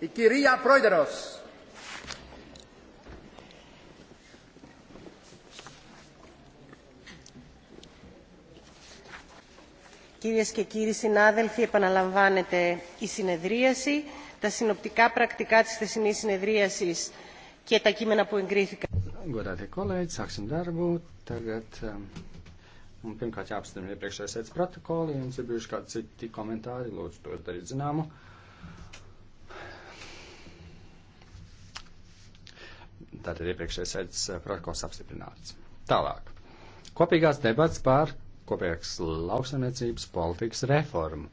Η κυρία Πρόεδρος. Κυρίες και κύριοι συνάδελφοι, επαναλαμβάνεται η συνεδρίαση. Τα συνοπτικά πρακτικά της θεσινής συνεδρίασης και τα κείμενα που εγκρίθηκαν. Godātie kolēģi, sāksim darbu. Tagad um, pirmkārt jāapstiprina iepriekšējais sēdes protokoli, ja jums ir bijuši kādi citi komentāri, lūdzu tos darīt zināmu. Uh, tātad iepriekšējais sēdes eh, protokols apstiprināts. Tālāk. Kopīgās debats pār kopīgas lauksaimniecības politikas reformu.